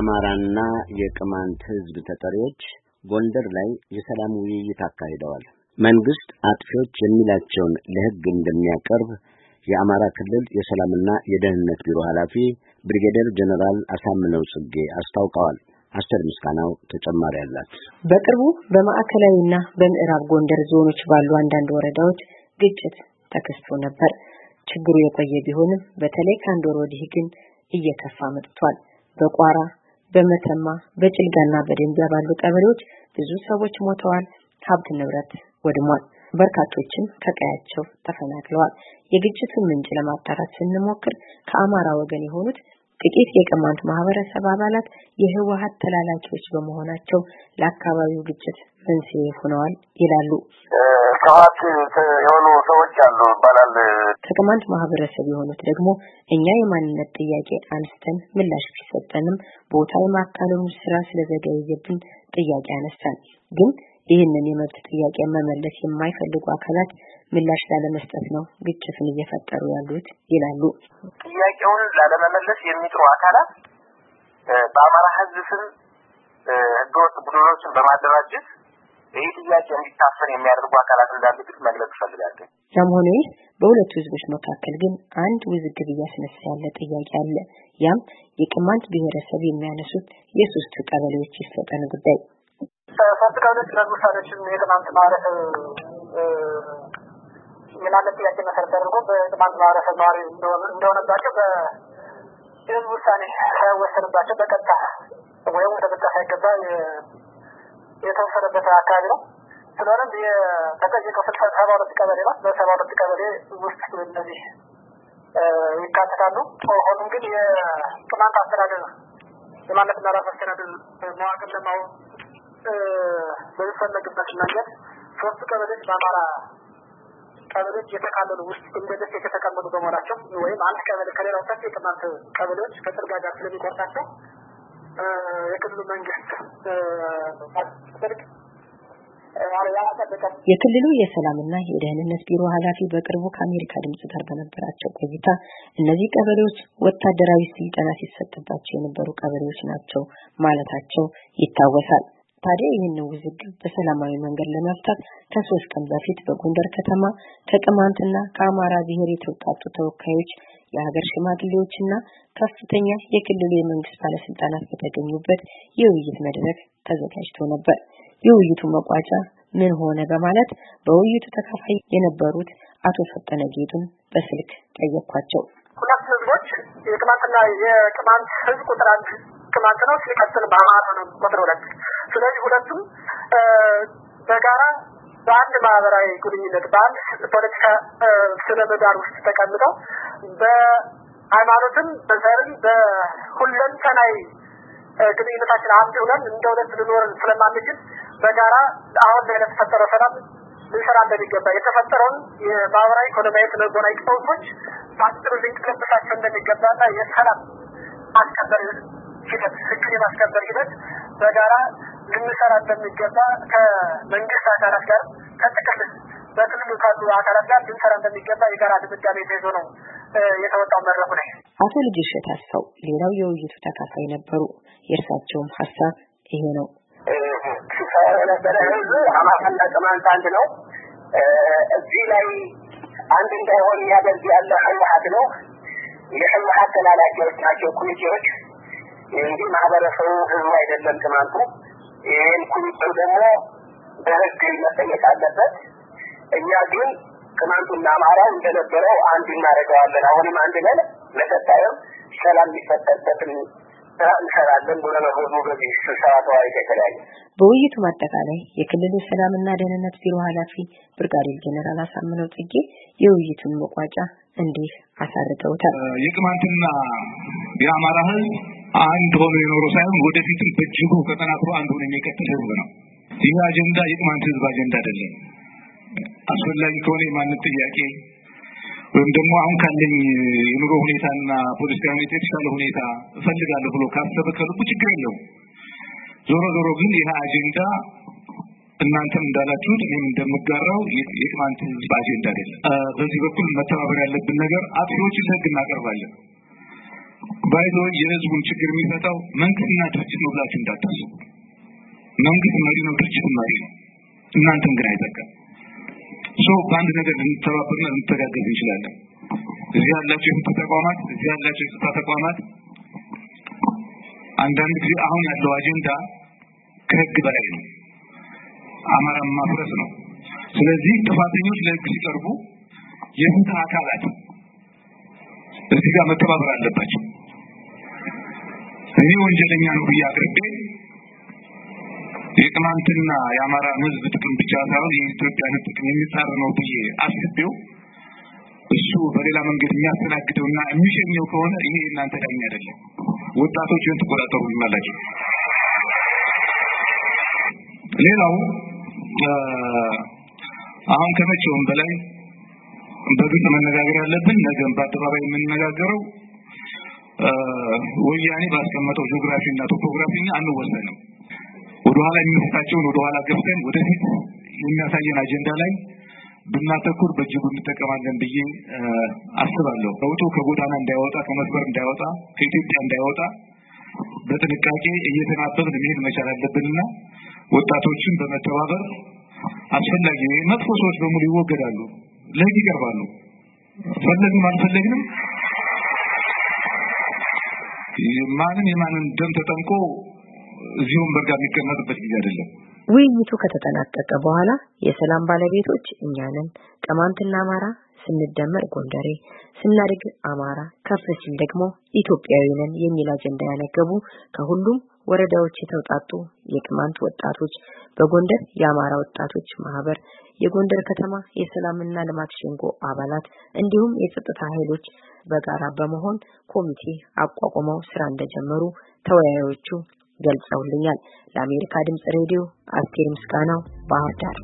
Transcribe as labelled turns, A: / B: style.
A: የአማራና የቅማንት ሕዝብ ተጠሪዎች ጎንደር ላይ የሰላም ውይይት አካሂደዋል። መንግስት አጥፊዎች የሚላቸውን ለህግ እንደሚያቀርብ የአማራ ክልል የሰላምና የደህንነት ቢሮ ኃላፊ ብሪጌደር ጀነራል አሳምነው ጽጌ አስታውቀዋል። አስቴር ምስጋናው ተጨማሪ አላት። በቅርቡ በማዕከላዊና በምዕራብ ጎንደር ዞኖች ባሉ አንዳንድ ወረዳዎች ግጭት ተከስቶ ነበር። ችግሩ የቆየ ቢሆንም በተለይ ከአንድ ወር ወዲህ ግን እየከፋ መጥቷል። በቋራ በመተማ በጭልጋና በደንቢያ ባሉ ቀበሌዎች ብዙ ሰዎች ሞተዋል፣ ሀብት ንብረት ወድሟል፣ በርካቶችም ከቀያቸው ተፈናቅለዋል። የግጭቱን ምንጭ ለማጣራት ስንሞክር ከአማራ ወገን የሆኑት ጥቂት የቅማንት ማህበረሰብ አባላት የህወሀት ተላላኪዎች በመሆናቸው ለአካባቢው ግጭት መንስኤ ሆነዋል ይላሉ።
B: ሰባት የሆኑ ሰዎች አሉ ይባላል።
A: ከቅማንት ማህበረሰብ የሆኑት ደግሞ እኛ የማንነት ጥያቄ አንስተን ምላሽ ቢሰጠንም ቦታ የማካለሉ ስራ ስለዘገየብን ጥያቄ አነሳን ግን ይህንን የመብት ጥያቄ መመለስ የማይፈልጉ አካላት ምላሽ ላለመስጠት ነው ግጭትን እየፈጠሩ ያሉት ይላሉ።
B: ጥያቄውን ላለመመለስ የሚጥሩ አካላት በአማራ ሕዝብ ስም ህገወጥ ቡድኖችን በማደራጀት ይህ ጥያቄ እንዲታፈን የሚያደርጉ አካላት እንዳሉ ግን መግለጽ እፈልጋለሁ።
A: ያም ይህ በሁለቱ ህዝቦች መካከል ግን አንድ ውዝግብ እያስነሳ ያለ ጥያቄ አለ። ያም የቅማንት ብሔረሰብ የሚያነሱት የሶስት ቀበሌዎች ይሰጠን ጉዳይ
C: ሶስት ከሁለት የትናንት ማረፍ የማለት ጥያቄ መሰረት አድርጎ በትናንት ማረፍ ነዋሪ እንደሆነባቸው በህዝብ ውሳኔ ሳይወሰንባቸው በቀጥታ ወይም ወደ ቀጥታ ሳይገባ የተወሰነበት አካባቢ ነው። ስለሆነም የተጠየቀው ስልሳ ሰባ ሁለት ቀበሌ ነው። በሰባ ሁለት ቀበሌ ውስጥ እነዚህ ይካተታሉ። ሆኖም ግን የቅማንት አስተዳደር የማለት መራፍ አስተዳደር መዋቅር ለማወቅ በሚፈለግበት መንገድ ሶስት ቀበሌዎች በአማራ ቀበሌዎች የተካለሉ ውስጥ እንደ ደስ የተቀመጡ በመሆናቸው ወይም አንድ ቀበሌ ከሌላው ሰፊ ቅማንት ቀበሌዎች ከጥርጋ ጋር ስለሚቆርጣቸው የክልሉ መንግስት ጽድቅ
A: የክልሉ የሰላምና የደህንነት ቢሮ ኃላፊ በቅርቡ ከአሜሪካ ድምጽ ጋር በነበራቸው ቆይታ እነዚህ ቀበሌዎች ወታደራዊ ስልጠና ሲሰጥባቸው የነበሩ ቀበሌዎች ናቸው ማለታቸው ይታወሳል። ታዲያ ይህንን ውዝግብ በሰላማዊ መንገድ ለመፍታት ከሶስት ቀን በፊት በጎንደር ከተማ ከቅማንትና ከአማራ ብሔር የተውጣጡ ተወካዮች፣ የሀገር ሽማግሌዎች እና ከፍተኛ የክልሉ የመንግስት ባለስልጣናት በተገኙበት የውይይት መድረክ ተዘጋጅቶ ነበር። የውይይቱ መቋጫ ምን ሆነ በማለት በውይይቱ ተካፋይ የነበሩት አቶ ፈጠነ ጌጡን በስልክ ጠየኳቸው።
C: ሁለት ህዝቦች የቅማንትና የቅማንት ህዝብ ቁጥር አንድ ቅማንት ነው፣ ሲቀጥል በአማራ ነው ቁጥር ሁለት። ስለዚህ ሁለቱም በጋራ በአንድ ማህበራዊ ግንኙነት በአንድ ፖለቲካ ስነ ምህዳር ውስጥ ተቀምጠው በሃይማኖትም በዘርም በሁለንተናዊ ግንኙነታችን አንድ ሁነን እንደ ሁለት ልኖር ስለማንችል በጋራ አሁን ላይ ለተፈጠረ ሰላም ልንሰራ እንደሚገባ የተፈጠረውን የማህበራዊ ኢኮኖሚያዊ ስነልቦናዊ ቀውሶች በአጭሩ ልንቀለብሳቸው ና የሰላም አስከበር ሂደት ህግን የማስከበር ሂደት በጋራ ልንሰራ እንደሚገባ ከመንግስት አካላት ጋር ከጥቅል በክልሉ ካሉ አካላት ጋር ልንሰራ እንደሚገባ የጋራ ድምዳሜ ተይዞ ነው የተወጣው መድረኩ ላይ።
A: አቶ ልጅሽ ታስፋው ሌላው የውይይቱ ተካፋይ ነበሩ። የእርሳቸውም ሀሳብ ይሄ ነው።
C: ነበረ የነበረ ህዝብ አማራና ቅማንት አንድ ነው። እዚህ ላይ አንድ እንዳይሆን የሚያደርግ ያለ ህወሀት ነው። የህወሀት ተላላኪዎች ናቸው ኮሚቴዎች እንጂ ማህበረሰቡ ህዝቡ አይደለም ትናንቱ። ይህን ኩኝቱ ደግሞ በህግ መጠየቅ አለበት። እኛ ግን ትናንቱና አማራው እንደነበረው አንድ እናደርገዋለን። አሁንም አንድ ነን። ለቀጣዩም ሰላም ሊፈጠርበትን እንሰራለን ብሎ ነው በዚህ ስብሰባ ተወያይቶ የተለያየ።
A: በውይይቱ ማጠቃላይ የክልሉ ሰላምና ደህንነት ቢሮ ኃላፊ ብርጋዴር ጀነራል አሳምነው ጽጌ የውይይቱን መቋጫ እንዲህ አሳርገውታል።
B: የቅማንትና የአማራ ህዝብ አንድ ሆኖ የኖሮ ሳይሆን ወደፊትም በእጅጉ ተጠናክሮ አንድ ሆኖ የሚቀጥል ህዝብ ነው። ይህ አጀንዳ የቅማንት ህዝብ አጀንዳ አይደለም። አስፈላጊ ከሆነ የማንነት ጥያቄ ወይም ደግሞ አሁን ካለኝ የኑሮ ሁኔታና ፖለቲካ ሁኔታ የተሻለ ሁኔታ እፈልጋለሁ ብሎ ካሰበ ከልቡ ችግር የለው። ዞሮ ዞሮ ግን ይህ አጀንዳ እናንተም እንዳላችሁት እኔም እንደምጋራው የቅማንት ህዝብ አጀንዳ አይደለም። በዚህ በኩል መተባበር ያለብን ነገር አጥፊዎችን ለህግ እናቀርባለን። ባይዞ የህዝቡን ችግር የሚፈታው መንግስትና ድርጅት ነው ብላችሁ እንዳታስቡ። መንግስት መሪ ነው፣ ድርጅት መሪ ነው። እናንተም ግን አይጠቀም ሶ በአንድ ነገር ልንተባበርና ልንተጋገዝ እንችላለን። እዚህ ያላቸው የፍትህ ተቋማት፣ እዚህ ያላቸው የጸጥታ ተቋማት አንዳንድ ጊዜ አሁን ያለው አጀንዳ ከህግ በላይ ነው። አማራን ማፍረስ ነው። ስለዚህ ጥፋተኞች ለህግ ሲቀርቡ የፍትህ አካላት እዚህ ጋር መተባበር አለባቸው። እኔ ወንጀለኛ ነው ብዬ አቅርቤ የቅማንትና የአማራ ህዝብ ጥቅም ብቻ ሳይሆን የኢትዮጵያን ጥቅም የሚጻረር ነው ብዬ አስቤው እሱ በሌላ መንገድ የሚያስተናግደውና የሚሸኘው ከሆነ ይሄ እናንተ ዳኛ አይደለም። ወጣቶች ወጣቶችን ተቆጣጠሩ ይመላችሁ። ሌላው አሁን ከመቼውም በላይ በግልጽ መነጋገር ያለብን ነገም በአደባባይ የምንነጋገረው ወያኔ ባስቀመጠው ጂኦግራፊና እና አንወሰንም። ወደኋላ የሚወስዳቸውን ወደኋላ ገብተን ወደፊት የሚያሳየን አጀንዳ ላይ ብናተኩር በእጅጉ እንጠቀማለን ብዬ አስባለሁ። ለውጡ ከጎዳና እንዳይወጣ፣ ከመስመር እንዳይወጣ፣ ከኢትዮጵያ እንዳይወጣ በጥንቃቄ እየተናበብን መሄድ መቻል አለብንና ወጣቶችን በመተባበር አስፈላጊ መጥፎ ሰዎች በሙሉ ይወገዳሉ፣ ለህግ ይቀርባሉ። ፈለግንም አልፈለግንም ማንም የማንም ደም ተጠምቆ እዚህ ወንበር ጋር የሚቀመጥበት ጊዜ አይደለም።
A: ውይይቱ ከተጠናቀቀ በኋላ የሰላም ባለቤቶች እኛንን ቀማንትና አማራ ስንደመር ጎንደሬ ስናድግ አማራ ከፍ ሲል ደግሞ ኢትዮጵያዊ ነን የሚል አጀንዳ ያነገቡ ከሁሉም ወረዳዎች የተውጣጡ የቅማንት ወጣቶች፣ በጎንደር የአማራ ወጣቶች ማህበር፣ የጎንደር ከተማ የሰላምና ልማት ሸንጎ አባላት እንዲሁም የጸጥታ ኃይሎች በጋራ በመሆን ኮሚቴ አቋቁመው ስራ እንደጀመሩ ተወያዮቹ ገልጸውልኛል። ለአሜሪካ ድምጽ ሬዲዮ አስቴር ምስጋናው ባህር ዳር